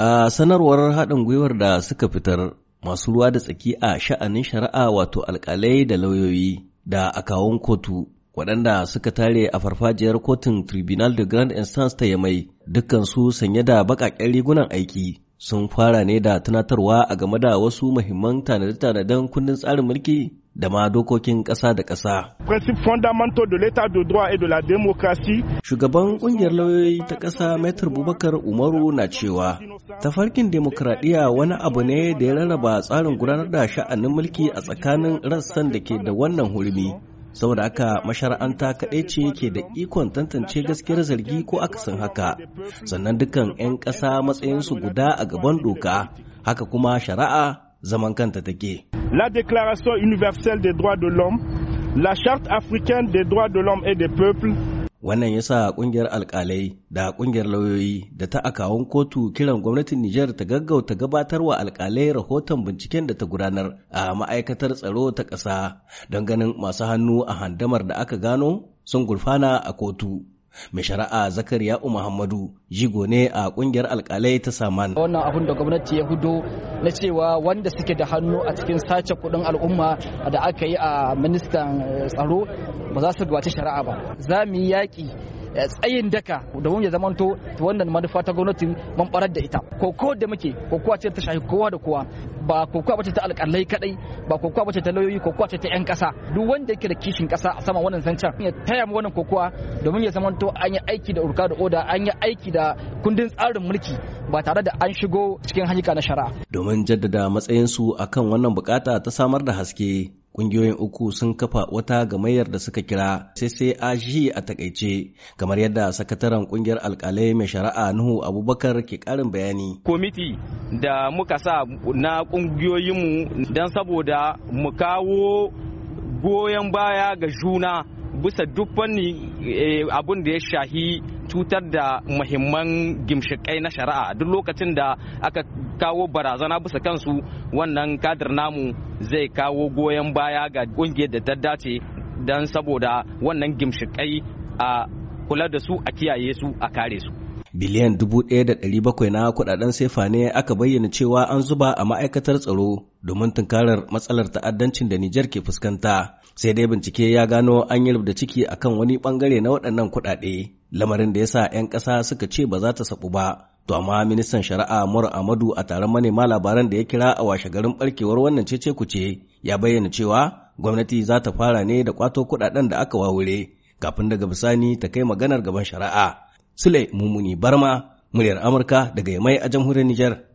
A sanarwar haɗin gwiwar da suka fitar masu ruwa da tsaki a sha'anin shari'a wato alƙalai da lauyoyi da akawun kotu waɗanda suka tare a farfajiyar kotun Tribunal de Grand Instance ta Yamai dukkansu sanye da baƙaƙen rigunan aiki sun fara ne da tunatarwa a game da wasu muhimman tanade-tanaden kundin tsarin mulki da ma dokokin ƙasa da ƙasa. Principe fondamental de l'état de droit et la démocratie. Shugaban ƙungiyar lauyoyi ta ƙasa Maitre Bubakar Umaru na cewa Tafarkin demokradiyya wani abu ne da ya rarraba tsarin gudanar da sha'anin mulki a tsakanin rassan da ke da wannan hurmi. saboda haka mashara'anta kaɗai ce ke da ikon tantance gaskiyar zargi ko akasin haka sannan dukan 'yan ƙasa matsayinsu guda a gaban doka haka kuma shari'a zaman kanta take la declaration universelle des droits de l'homme la charte africaine des droits de l'homme et des peuples Wannan ya sa ƙungiyar alƙalai da ƙungiyar lauyoyi da ta akawun kotu kiran gwamnatin Nijar ta gaggauta gabatarwa alkalai rahoton binciken da ta gudanar a ma'aikatar tsaro ta ƙasa don ganin masu hannu a handamar da aka gano sun gurfana a kotu. mai shari'a zakariya muhammadu jigo ne a kungiyar alkalai ta saman wannan abun da gwamnati ya hudo na cewa wanda suke da hannu a cikin sace kudin al'umma da aka yi a ministan eh, tsaro ba za su dubaci shari'a ba za mu yi yaƙi Eh, tsayin daka da wanda zamanta wannan manufa ta gwamnati mun barar da ita kokowa da muke kokowa ce ta shafi kowa da kowa ba kuwa bace ta alƙalai kadai ba kuwa bace ta lauyoyi kuwa ce ta yan ƙasa duk wanda yake da kishin ƙasa a sama wannan zancen ya taya mu wannan kokowa domin ya zamanta an yi aiki da urka da oda an yi aiki da kundin tsarin mulki ba tare da an shigo cikin hanyuka na shari'a domin jaddada matsayinsu akan wannan bukata ta samar da haske Kungiyoyin uku sun kafa wata gamayyar da suka kira CCAG a takaice, kamar yadda sakataren ƙungiyar alkalai mai shari'a Nuhu Abubakar ke karin bayani. Komiti da muka sa na ƙungiyoyinmu don saboda mu kawo goyon baya ga juna bisa duk wani eh, abin da ya shahi cutar da muhimman gimshikai na shari'a duk lokacin da aka kawo barazana bisa kansu wannan kadir namu zai kawo goyon baya ga kungiyar da ta dace don saboda wannan gimshikai a kula da su a kiyaye su a kare su biliyan dubu ɗaya da ɗari bakwai na kuɗaɗen sefa ne aka bayyana cewa an zuba a ma'aikatar tsaro domin tunkarar matsalar ta'addancin da Nijar ke fuskanta. Sai dai bincike ya gano an yi da ciki akan wani bangare na waɗannan kuɗaɗe, lamarin da ya sa 'yan ƙasa suka ce ba za ta saɓu ba. To amma ministan shari'a Mur Amadu a taron manema labaran da ya kira a washe garin barkewar wannan cece kuce ya bayyana cewa gwamnati za ta fara ne da kwato kuɗaɗen da aka wawure kafin daga bisani ta kai maganar gaban shari'a. Sule Mumuni Barma, muryar Amurka daga Yamai a jamhuriyar Nijar.